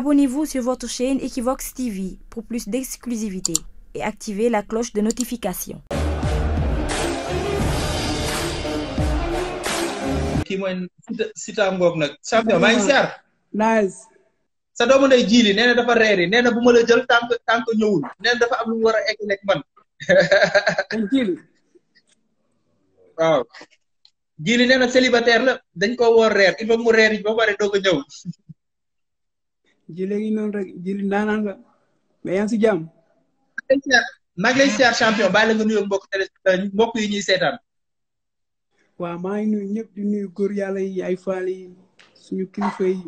Abonnez-vous sur votre chaîne Equivox TV pour plus d'exclusivité et activez la cloche de notification. nag. champion maa ngi siyaar. nice. sa doomu ndey dafa reeri nee na bu ma la jël tànk tànk ñëwul nee na dafa am lu mu war a egg nekk man. jiili. waaw. jiili nee na célibataire la dañ ko woor reer il faut mu reer ba pare doog a ñëw. ji léegi noonu rek ji ndaanaan nga mais yaa jàmm. maa ngi nga nuyoo mbokk téléspectateurs mbokk yi ñuy seetaan. waaw maa ngi nuyu ñëpp di nuyu góor yàlla yi ay faal yi suñu kilifa yi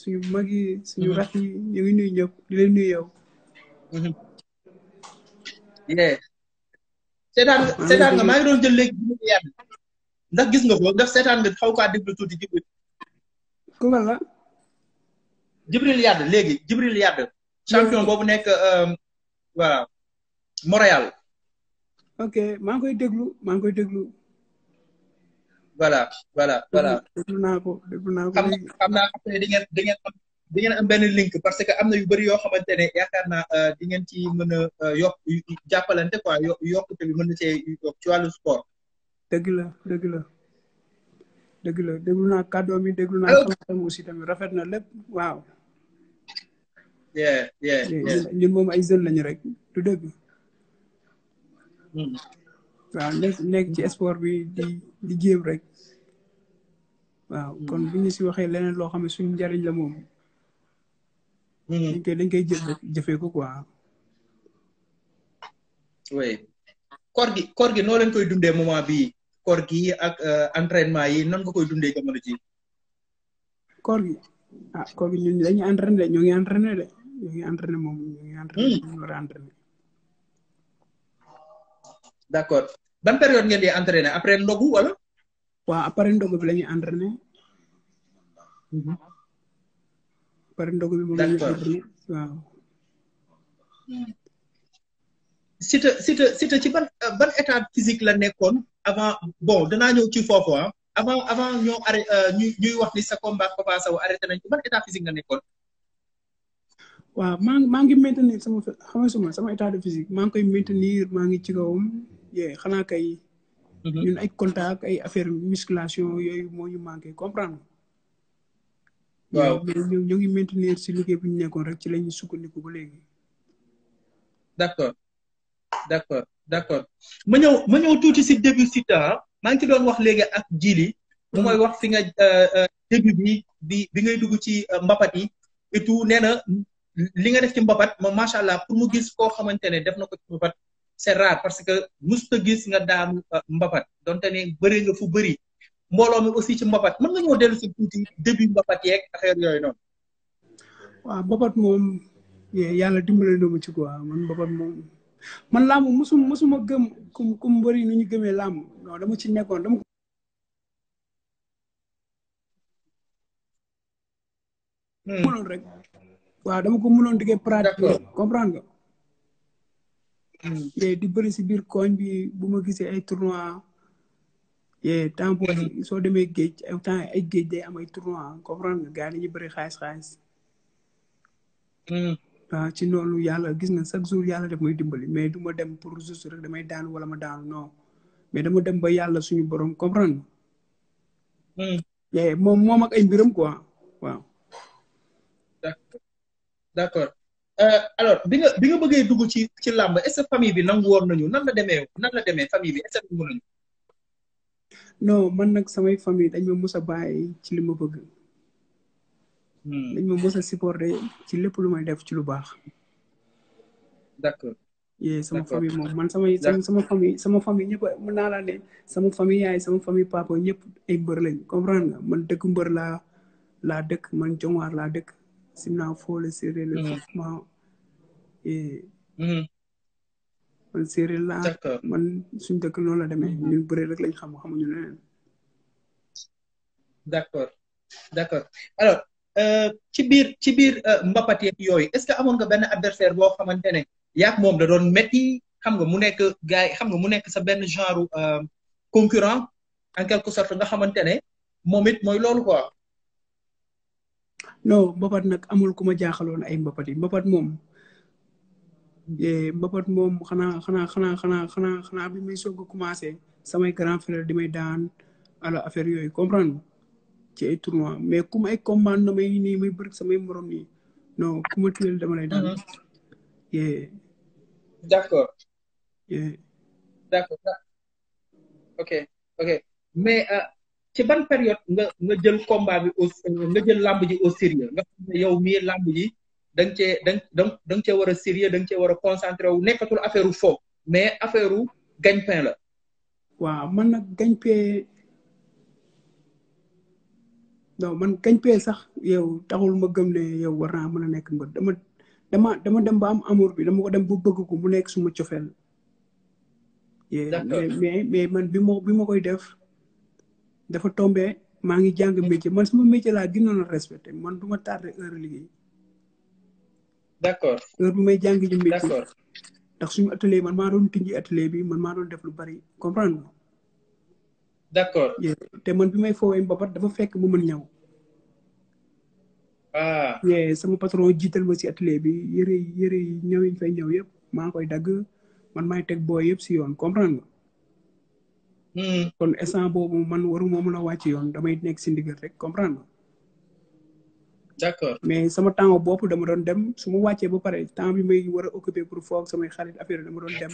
suñu mag yi suñu mhm. rakk yi ñu ngi nuyu ñëpp di leen nuyu yow. seetaan mhm. seetaan nga maa ngi doon jël gis nga ko ndax seetaan nga xaw tuuti ku la. Djibril Yade léegi Djibril Yade champion boobu nekk euh, voilà Montréal. ok maa ngi koy déglu maa ngi koy déglu. voilà wala voilà. déglu naa ko déglu naa ko. xam naa xam naa après am di benn link parce que am na yu bëri yoo xamante ne euh, di ngeen ci mën a euh, yokk jàppalante quoi yokkute mën na see ci wàllu sport. dëgg la dëgg la dëgg déglu naa kàddoom yi déglu naa. xam aussi tamit rafet na lépp waaw. ñun moom ay jeunes lañu rek du dëgg. Hmm. waaw nekk nekk ci sport bi di di rek. waaw hmm. kon biñu ñu si waxee leneen loo xam ne suñu njariñ la moom. Hmm. dañ koy dañ jëfe jëfee ko quoi. oui koor gi koor gi noo leen koy dundee moment bii koor gi ak euh, entraînement yi nan nga koy dundee jamono ji koor gi ah koor gi ñun dañuy entraîné ñoo ngi entraîné de. ñu ngi entraîné moom ñu ngi entraîné hmm. ñu war a entraîné. d' accord ban période ngeen di entraîné après ndogu wala. waaw après ndogu bi la ñuy entraîné. Mhm. après ndogu bi moom la ñuy entraîné waaw. Siteu Siteu ci ban euh, ban état physique la nekkoon avant bon danaa ñëw ci foofu ah avant avant ñoo arrêté euh, ñuy wax ni sa combat Papa Sow arrêté nañ ko ban état physique la nekkoon. waaw maa maa ngi maintenir sama xamasuma sama état de physique maa ngi koy maintenir maa ngi ci kawam xanaa kay mhm. ñun ay contact ay affaire musculation yooyu moo ñu manqué comprendre waaw mais ñu ñu ngi maintenir si liggéey bi ñu nekkoon rek ci la ñuy sukkandiku ba léegi d'accord d'accord d'accord ma ñëw ma ñëw tuuti si début ah. maa ngi ci doon wax léegi ak jili mhm. mooy wax si nga euh, euh, début bi bi bi ngay dugg ci euh, mbapat yi et tout li nga def ci mbapat moom macha allah pour mu gis koo xamante ne def na ko ci mbapat c'est parce que musta gis nga daanu euh, mbapat donte ne bëree nga fu bëri mbooloo mi aussi ci mbapat man nga ñëw dellu si tuuti début mbapat yeeg affaire yooyu noonu. waaw mbapat moom yàlla dimbale na ma ci quoi man mbapat moom man làmb musum musuma gëm nu ñu gëmee làmb non dama ci nekkoon dama ko. Hmm. rek. waaw dama ko mënoon di koy pratiquer comprendre nga hmm. di bëri si biir koñ bi bu ma gisee ay tournoi yee temps hmm. soo demee géej temps ay géej day am ay tournoi comprendre nga gars yi dañuy bëri xaalis xaalis hmm. ci noonu yàlla gis na chaque jour yàlla def muy dimbali mais du ma dem pour juste rek damay daan wala ma daan non mais dama dem ba yàlla suñu borom comprendre nga moom moom ak ay mbiram quoi d'accord euh, alors bi nga bi nga bëggee dugg ci ci làmb est-ce que bi nangu woon nañu nan la demee nan la demee famille bi est-ce que nangu man nag samay famille dañ ma mës a bàyyi ci li ma bëgg. Hmm. dañ ma mës a supporter ci lépp lu may def ci lu baax. d'accord. yee sama famille moom man samay sama famille sama famille ñëpp mën naa laa sama famille yaay sama famille papa ñëpp ay lañ comprendre nga man dëkk mbër laa laa dëkk man jonwaar laa dëkk. sinafole serele fofma e man séeréer laa man suñ dëkk noonu la demee ñun bëre rek lañ xam xamuñu ñu d' accord d' accord alors euh, ci biir ci biir euh, mbapat yooyu est ce que amoon nga benn adversaire boo xamante ne yaak moom da doon métti xam nga mu nekk gars yi xam nga mu nekk sa benn genre euh, concurrent en quelque sorte nga xamante ne moom it mooy loolu quoi no mbapat nag amul ku ma jaaxaloon ay mbapat yi mbapat moom mbapat moom xanaa xanaa xanaa xanaa xanaa xanaa bi may soog a commencé samay grand frère di may daan ala affaire yooyu comprendre ci ay mais ku ay combat na may nii may bëri samay morom nii non ku tuyal dama lay daan mm-hmm. ye d'accord ye d'accord ok ok mais euh, ci ban période nga nga jël combat bi au nga jël làmb ji au sérieux nga xam ne yow mii làmb ji da nga cee da nga da nga cee war a sérieux da nga cee war a concentré wu nekkatul affaire u foofu mais affaire u gagne-pain la waaw man nag gañ pain non man gagne-pain sax yow taxul ma gëm ne yow war naa mën a nekk mbër dama dama dama dem ba am amur bi dama ko dem bu bëgg ko mu nekk suma cofeel mais mais man bi ma bi ma koy def dafa tombe maa ngi jàng métier man suma métier laa gënoon a man duma ma tardé heure liggéey. d' accord heure bi may jàng ji métier. ndax suñu atelier man maa doon tijji atelier bi man maa doon def lu bari comprend nga. d' accord te man bi may foowee mbapat dafa fekk mu mën ñaw. ah. sama patron jiital ma si atelier bi yëre yëre yi ñëw yi ñu fay ñëw yëpp maa ngi koy dagg man maay teg booy yëpp si yoon comprendre nga. Hmm. kon instant boobu man waruma mën a wàcc yoon damay nekk si ndigal rek comprendre nga. d'accord mais sama temps bopp dama doon dem su ma wàccee ba pare temps bi may war a occuper pour foog samay xarit affaire dama doon dem.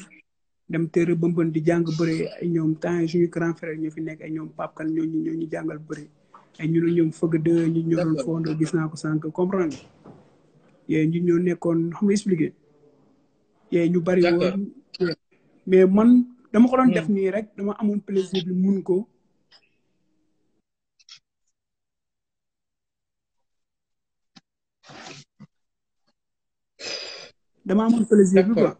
dem téere bëmbën di jàng bëre ay ñoom temps suñu grand frère ñu fi nekk ay ñoom Pape Kane ñooñu ñoo ñu jàngal bëre ay ñu ne ñoom fëgg dë ñu ñoo doon fondoo gis naa ko sànq comprendre nga. ñu ñoo nekkoon xam nga expliqué. yee ñu bari woon mais man. dama ko doon def hmm. nii rek dama amoon plaisir bi mun ko. dama amoon plaisir bi quoi.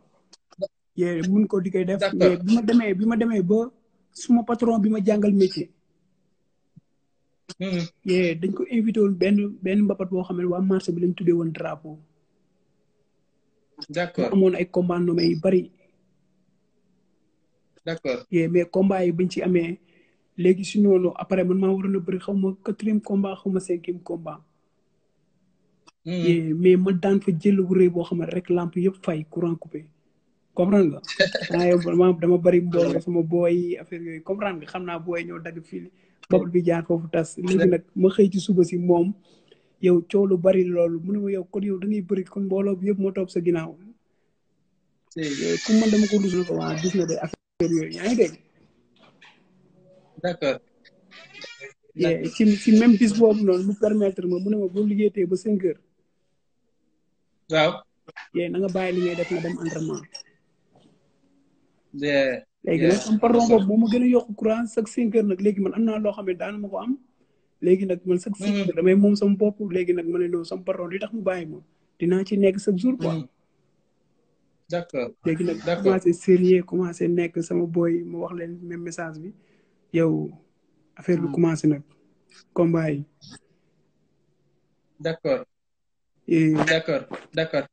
yee mun ko di koy def. mais bi ma demee bi ma demee ba suma patron bi ma jàngal métier. Hmm. yee dañ ko invité wul benn benn mbapat boo xam ne waa marché bi lañ tuddee woon drapeau. d'accord amoon ay commandes yu bari. d'accord mais combat yi bañ ci amee léegi si noonu après man maa waroon a bëri xaw ma quatrième combat xaw ma cinquième combat. Hmm. mais ma daan fa boo xam rek lamp yëpp fay courant coupé. comprendre nga waaye dama bëri mbooloo sama booy affaire yooyu comprendre nga xam naa booy ñoo dagg fii boobu bi jaar foofu tas léegi nag ma xëy ci suba si moom yow coow lu bari loolu mu ne ma yow kon yow da bëri kon mbooloo bi yëpp moo toog sa ginnaaw. ku man dama ko rus na ko waa gis na de yooyu yaa ngi dégg d'accord ci ci même boobu noonu mu permettre ma mu ne ma boo liggéeytee ba cinq heures waaw yee na nga bàyyi li ngay def na dem entraînement léegi nag am pardon moom ma gën a yokk courant chaque cinq heures nag léegi man am naa loo xam ne daana ma ko am léegi nag man chaque cinq mm-hmm. damay moom sama bopp léegi nag ma ne noonu sama pardon tax mu bàyyi ma dinaa ci nekk chaque jour quoi mm-hmm. d'accord léegi nag commencé sérieux commencé nekk sama boy mu wax leen même message bi yow affaire bi hmm. commencé nag combat yi d'accord d'accord d'accord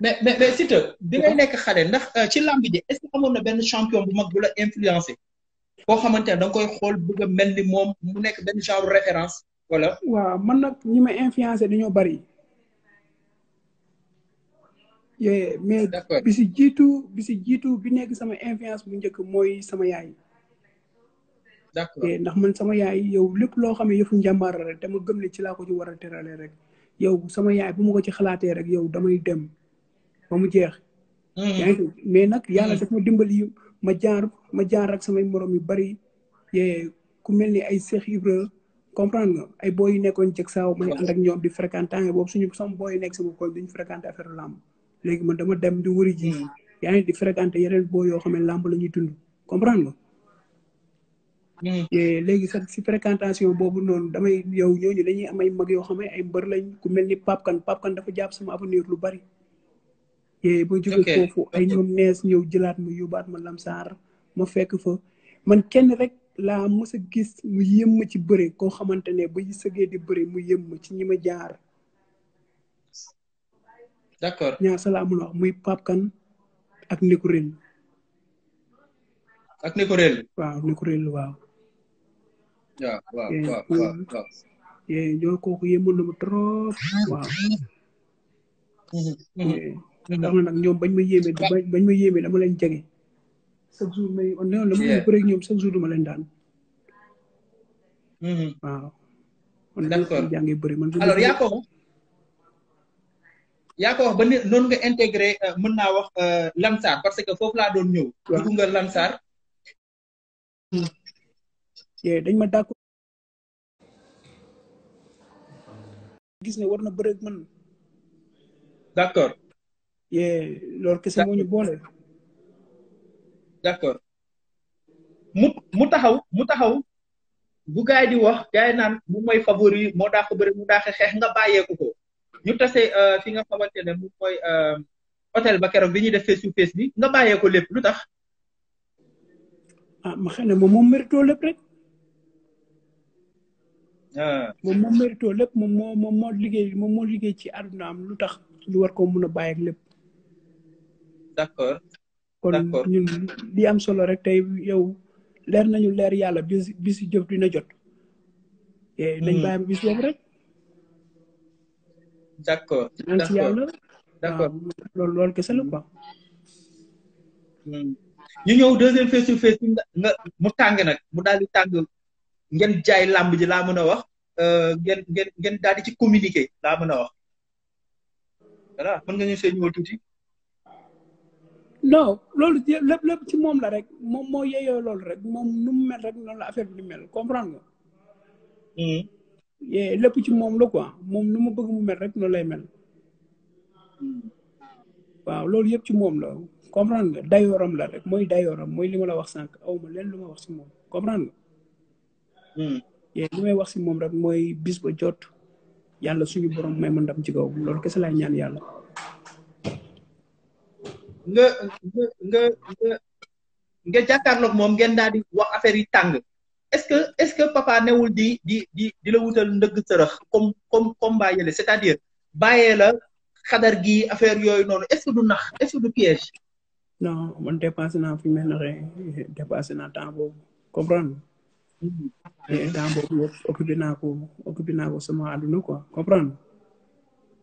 mais mais mais Siteu bi ngay nekk xale ndax euh, ci làmb ji est que amoon na benn champion bu mag bu la influencé koo xamante ne da koy xool bëgg a mel ni moom mu nekk benn genre référence wala waaw man nag ñi ma influencé dañoo bari yooyu mais bi si jiitu bi si jiitu bi nekk sama influence bu njëkk mooy sama yaay d'accord ndax man sama yaay yow lépp loo xam ne yëfu njàmbaar rek ma gëm ne ci laako ci war a terale rek yow sama yaay bu ma ko ci xalaatee rek yow damay dem ba mu jeex hmm. yaa mais nag yàlla hmm. daf ma dimbali ma jaar ma jaar ak samay morom yu bari yee ku mel ni ay Cheikh Ibra comprendre nga ay booy yu nekkoon jeg saaw may ànd ak ñoom di fréquenté boobu suñu sama booy nekk sama koñ duñu fréquenté affaire léegi man dama dem di wëri ji hmm. yaa ngi di fréquenté yeneen boo yoo xam ne làmb la ñuy dund comprendre nga hmm. léegi sax si fréquentation boobu noonu damay yow ñooñu dañuy am ay mag yoo xam ne ay mbër lañ ku mel ni papkan papkan dafa jàpp sama lu bari yee ba jóge foofu ay ñoom nees ñëw jëlaat ma yóbbaat ma lamsaar ma fekk fa man kenn rek laa mës gis mu ci bëre koo xamante ne ba sëgee di bëre mu yëm ma ci ñi ma jaar d'accord ñaar sa laa mën a muy Pape Kane ak Nicoréel. ak Nicoréel. waaw Nicoréel eh, waaw. waaw eh, waaw eh, ma trop waaw. Mhm, mhm. ndax nag ñoom bañ ma yéeme bañ ma yéeme dama leen jege. chaque jour may on la ma bëreeg ñoom chaque jour mhm. waaw. d'accord on man. alors yaa ko. yaa ko wax ba ni noonu nga intégré euh, mën naa wax euh, Lansar parce que foofu laa doon ñëw. waaw dugg nga Lansar. dañ ma dàkku. gis ne war na bëre ak man. d' d' accord mu mu taxaw mu taxaw. bu gaay di wax gaay naan moom mooy favori moo dàq bëre mu dàq xeex nga bàyyeeku ko. ñu tase euh, fi nga xamante ne mu koy euh, hôtel ba keroog bi ñuy def face to face bi nga bàyyee ko lépp lu tax. ah ma xam ne moom moom méritoo lépp rek. Ah. moom moom lépp moom liggéey moom moo liggéey ci àdduna am lu tax lu war koo mun a bàyyi ak lépp. d'accord kon ñun li am solo rek tey yow leer nañu leer yàlla bis bis jëf dina jot. Eh, nañ hmm. bàyyi bis boobu rek. d' accord ci yàlla d' accord loolu loolu kese la quoi. Hmm. ñu ñëw deuxième face to mu tàng nag mu daal di tàng ngeen jaay làmb ji laa mën a wax euh, ngeen ngeen ngeen daal ci communiquer laa mën a wax voilà mën nga ñu see ñëw tuuti. non loolu lépp lépp ci moom la rek moom moo yeyoo loolu rek moom nu mu mel rek noonu la affaire bi di mel comprendre nga. Hmm. lépp ci moom la quoi moom nu mu bëgg mu mel rek noonu lay mel waaw loolu yëpp ci moom la comprendre nga dayooram la rek mooy dayooram mooy li ma la wax sànq awuma leen lu ma wax si moom comprendre hmm. may wax si moom rek mooy bis ba jot yàlla suñu borom may ma ndam ci kaw loolu kese laay ñaan yàlla. nga nga nga nga moom ngeen daal di wax affaire yi tàng. est-ce que est-ce que papa newul di di di di la wutal ndëgg sërëx comme comme c'est-à-dire bàyyee la xadar gi affaire yooyu noonu est-ce que du nax est-ce que du piège. non man dépassé naa fi mu mel ne dépassé temps comprendre nga. Mm-hmm. temps boobu yëpp occupé naa sama àdduna quoi comprendre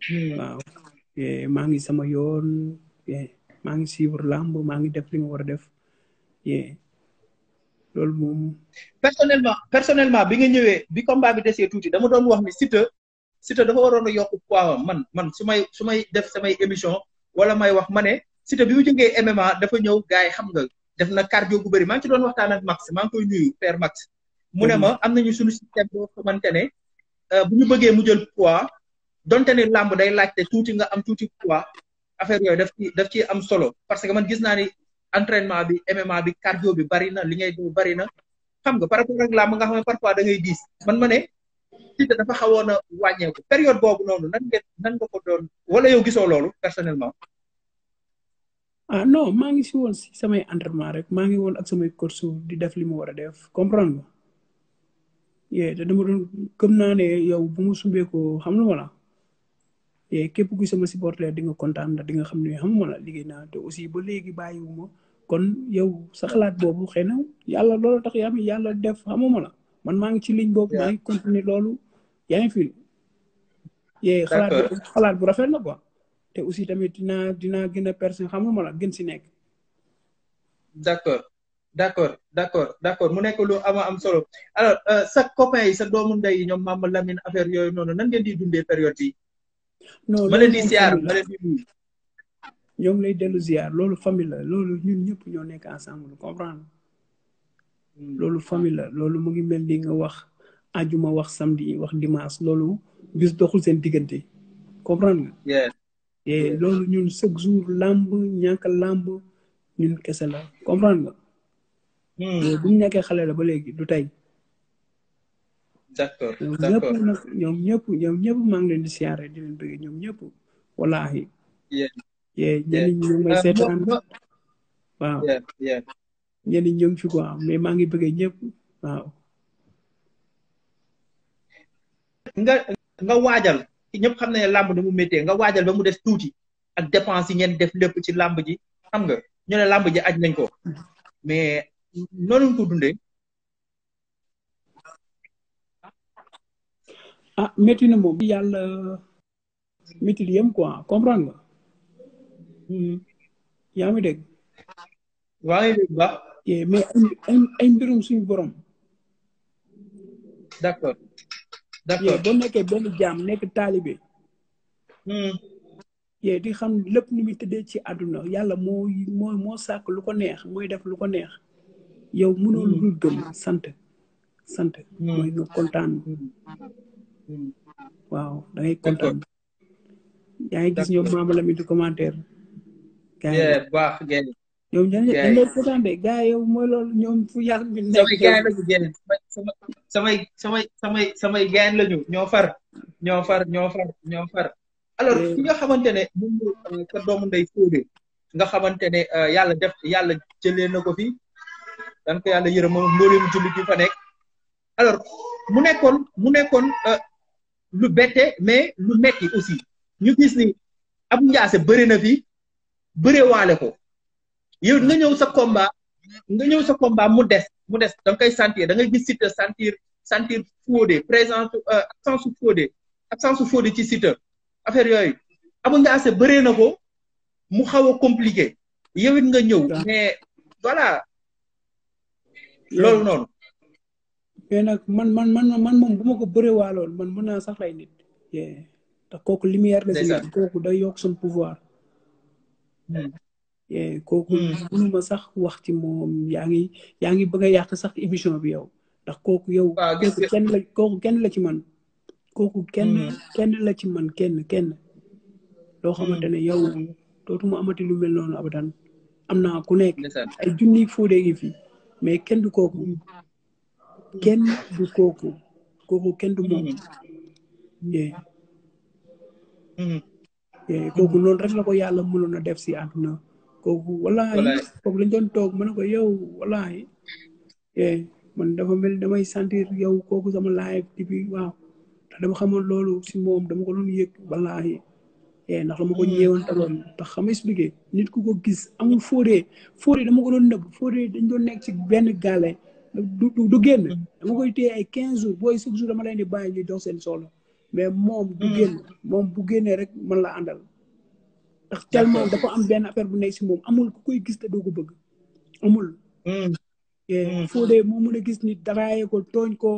mm-hmm. waaw maa ngi sama yoon maa ngi suivre làmb maa ngi def li war a def. loolu moom. personnellement personnellement bi nga ñëwee bi combat desee tuuti dama doon wax ni Siteu Siteu dafa waroon a yokk poids man man su may su may def samay émission wala may wax ma ne Siteu bi mu jógee MMA dafa ñëw yi xam nga def na cardio gu bëri maa ngi ci doon waxtaan ak Max koy nuyu père Max. mu ne ma am nañu suñu système boo xamante ne euh, bu ñu bëggee mu jël poids donte ne làmb day laajte tuuti nga am tuuti poids affaire yooyu daf ci daf ci am solo parce que man gis naa ni entraînement bi MMA bi cardio bi bari na li ngay bari na xam nga par rapport ak nga xam ne parfois da ngay diis man ma ne Siteu dafa xawoon a wàññeeku période boobu noonu nan ngeen nan nga ko wala yow gisoo loolu personnellement. ah non maa ngi si woon si samay entraînement rek maa ngi woon ak samay course di def li mu war a def comprendre nga. yee te dama doon gëm naa ne yow bu mu sumbee xam nga wala yee képp ku sama supporter di nga kontaan di nga xam ne xam nga wala liggéey naa te aussi ba léegi bàyyiwuma kon yow sa xalaat boobu xëy na yàlla loolu tax yaa yàlla def xamuma la man maa ngi ci ligne boob maa ngi continuer loolu yaa ngi fi. yee xalaat bu rafet na quoi. te aussi tamit dinaa dinaa gën a personne xamuma la gën si nekk. d' accord d' accord d' accord d' accord mu nekk lu ama am solo alors euh, sa copain yi sa doomu ndey ñoom ñoom Mama Lamine affaire yooyu noonu nan ngeen di dundee période yi. di ñoo ngi lay dellu ziar loolu famille la loolu ñun ñëpp ñoo nekk ensemble comprendre hmm. loolu famille la loolu mu ngi mel ni nga wax ajuma wax samedi wax dimanche loolu bis doxul seen diggante comprendre loolu ñun chaque jour làmb ñàkk làmb ñun kese la comprendre nga hmm. bu ñu xale la ba léegi du tey d'accord d'accord ñoom ñëpp nag ñoom ñëpp ñoom ñëpp maa ngi leen di siyaare di leen ñoom ñëpp wallaahi yeah ñenn ñi ñu um, fi quoi mais maa ngi bëggee ñëpp waaw. nga nga waajal ñëpp xam nañu ne làmb ni mu méttee nga waajal ba mu des tuuti ak dépense yi ngeen def lépp ci làmb ji xam nga ñu ne làmb ji aj nañ ko mais noonu ko dundee. ah métti na moom yàlla métti yem quoi comprendre nga. Hmm. yaa ngi dégg. waa ngi ay ay mbirum suñu borom. d' accord d' accord boo nekkee benn jaam nekk taalibe. Hmm. yee di xam lépp nu muy tëddee ci àdduna yàlla moo moo moo sàkk lu ko neex mooy def lu ko neex. yow mënoo lu hmm. dul gëm sant sant. mooy nga kontaan. waaw da ngay kontaan. yaa ngi gis ñoom maama la mi di commentaire. gaa baax gaa yow ñooñu dañ lay seetaan de gaa yow mooy loolu ñoom fu yàq bi nekk samay samay samay samay ñoo far ñoo far ñoo far ñoo far alors fi eh. nga xamante ne moom mooy euh, sa doomu ndey nga xamante ne euh, yàlla def yàlla jëlee na ko fi dan yàlla yërëm moom mbooleem jullit yi fa nekk alors mu nekkoon mu nekkoon euh, lu bette mais lu metti aussi ñu gis ni am njaase bëri na fi bëree waale ko yow nga ñëw sa combat nga ñëw sa combat mu des mu des da nga koy sentir da ngay gis Siteu sentir sentir Fodé présence euh, absence su Fodé absence su Fodé ci Siteu affaire yooyu Abou Ndiassé bëree na ko mu xaw a compliqué yow it nga ñëw mais voilà loolu noonu. mais nag man man man man moom bu ma ko bëree waaloon man mën naa sax lay nit. ndax kooku lumière la si kooku day yokk son pouvoir. Eh, kooku hmm. mënuma sax wax ci moom yaa ngi yaa ngi bëgg a yàq sax émission bi yow ndax kooku yow kooku kenn la kooku kenn ci man kooku kenn hmm. kenn la ci man kenn kenn loo hmm. xamante ne yow dootuma amati lu mel noonu abadan am naa ku nekk ay junni Fodé ngi fi mais kenn du kooku kenn du kooku kooku kenn du moom eh. te eh, mm-hmm. kooku loolu rek la ko yàlla mënoon a def si na kooku walaay kooku lañ doon toog mën na ko yow walaay eh, man dafa mel damay sentir yow kooku sama live di waaw ndax dama xamoon loolu si moom dama ko doon yëg wallaahi e eh, ndax ma ko mm-hmm. ñëwoon taloon ndax xam expliqué nit ku ko gis amul fóodee fóodee dama ko doon nëbb fóodee dañ doon nekk ci benn gàlle du génn mm-hmm. dama koy téye ay quinze jours booy chaque jour dama leen di bàyyi ñuy dox seen soxla mais moom bu hmm. génn moom bu génnee rek man la àndal ndax tellement dafa am benn affaire bu nekk si moom amul ku koy gis te doo ko bëgg amul foo dee moom mën gis nit daraaye ko tooñ ko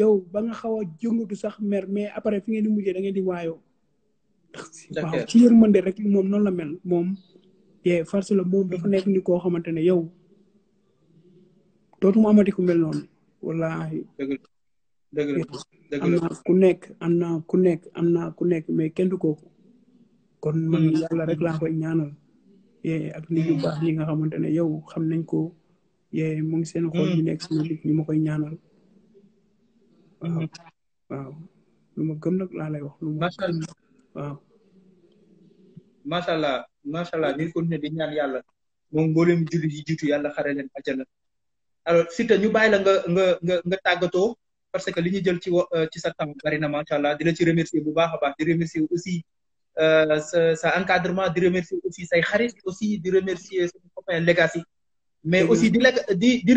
yow ba nga xaw a jëngatu sax mer mais après fi ngeen di mujjee da ngeen di waayoo ndax waaw ci yërmande rek moom noonu la mel moom yee farce la moom dafa hmm. nekk ni koo xamante ne yow dootuma amati ku mel noonu wallaahi dëgg am naa ku nekk am naa ku nekk am naa ku nekk mais kenn du kooku kon man mm. yàlla rek laa koy ñaanal yee ak nit ñu mm. baax ñi nga xamante ne yow xam nañ ko yee mu ngi seen xol mm. ñu nekk si nit ñu ma koy ñaanal waaw waaw lu ma gëm nag laa lay wax lu ma waaw macha allah macha allah ñu ngi di ñaan yàlla moom nga nga nga nga tàggatoo parce que li ñu jël ci euh, ci sa temps bari na macha allah di la ci remercier bu baax a baax di remercier aussi euh, sa sa encadrement di remercier aussi say xarit aussi di remercier sa mais mm-hmm. aussi di la di di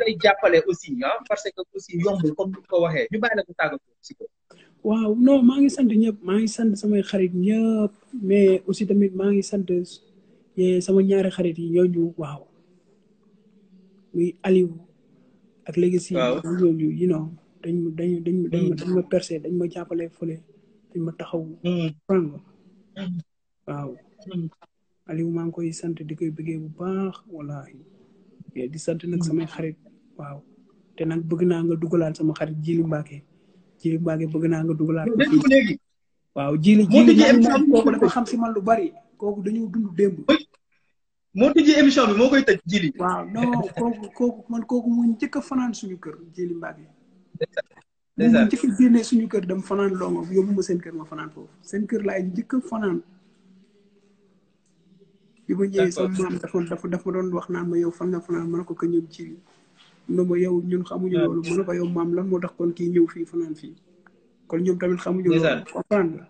lay jàppale aussi ah parce que aussi yombul comme ni ko waxee ñu bàyyi la ko tàggatoo si ko. waaw non maa ngi sant ñëpp maa ngi sant samay xarit ñëpp mais aussi tamit maa ngi sant sama ñaari xarit yi ñooñu waaw muy Aliou ak léegi si ñooñu you know dañ ma dañ dañ dañ ma dañ ma ma jàppale fole dañ ma taxaw prang mm. mm. waaw mm. Aliou maa ngi koy sant di koy bëggee bu baax wallaahi eh, di sant nag samay xarit waaw te nag bëgg naa nga dugalaat sama xarit Jili Mbacke Jili Mbacke bëgg naa nga dugalaat waaw Jili Jili si man lu bari kooku dañoo dund démb moo tëjee ji bi moo koy tëj Jili waaw non kooku kooku man fanaan suñu kër Jili Mbacke dèjà mu njëkk suñu kër dem fanaan Longo yóbbu ma seen kër ma fanaan foofu seen kër laay njëkk a fanaan. bi ma ñëwee sama maam dafa dafa dafa wax naan ma yow fan nga fanaan ma ne ko ka ñëw ci lii. yow ñun xamuñu maam lan moo tax kon kii ñëw fii fanaan fii. kon ñoom tamit xamuñu loolu comprendre nga.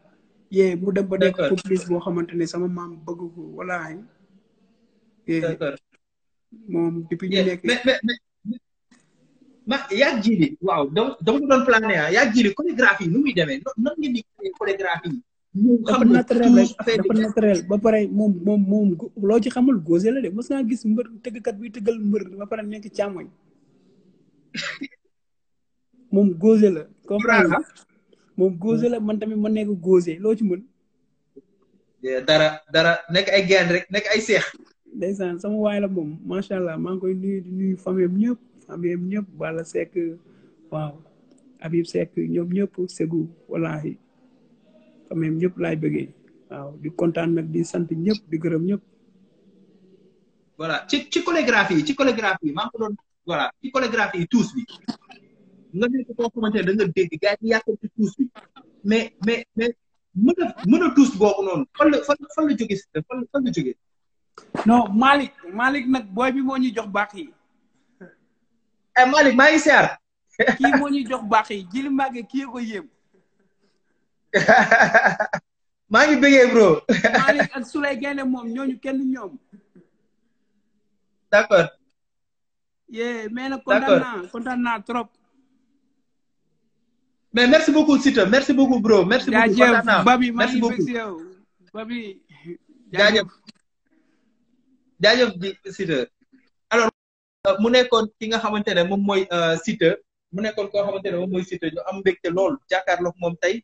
yee mu dem ba nekk public boo xamante ne sama maam bëgg ko walaay. moom depuis ñu nekk. ma yaa jili waaw dama dama doon plané ah yaa jili chorégraphie yi nu muy demee nan ngeen di chorégraphie yi. ñu xam ne dafa naturel ba pare moom moom moom loo ci xamul gauze la de mos naa gis mbër tëggkat bi tëggal mbër ba pare nekk càmmoñ moom gauze la. comprendre nga moom gauze la man tamit ma nekk gauze loo ci mën. dara dara nekk ay gaan rek nekk ay seex. ndeysaan sama waay la moom macha allah maa ngi koy nuyu di nuyu famille am ñëpp. Habib ñëpp Balla Seck waaw Habib Seck ñoom ñëpp Segu wallaahi famille ñëpp laay bëggee waaw di kontaan nag di sant ñëpp di gërëm ñëpp. voilà ci ci chorégraphie yi ci chorégraphie yi maa ko doon voilà ci chorégraphie yi tous bi nga nekk koo xamante ne da nga dégg gars yi yàqal ci tous bi mais mais mais a mën a tous boobu noonu fan la fan la jógee fan la jógee. non Malick Malick nag booy bi moo ñuy jox baat yi. Eh, Malick maa ngi siyaar kii moo ñuy jox baax yi jili màgge kii ko yéem ngi bëggee bro Malick ak Souley Gaynde moom ñooñu kenn ñoom d'accord yee mais nag kontaan naa kontaan naa trop mais merci beaucoup Siteu merci beaucoup bro merci beaucoup Babi maa ngi bëgg si Babi jaajëf jaajëf Siteu Euh, mu nekkoon ki nga xamante ne moom mooy euh, Siteu mu nekkoon koo xamante ne moom mooy Siteu ñu am mbégte lool jàkkaarloog moom tey.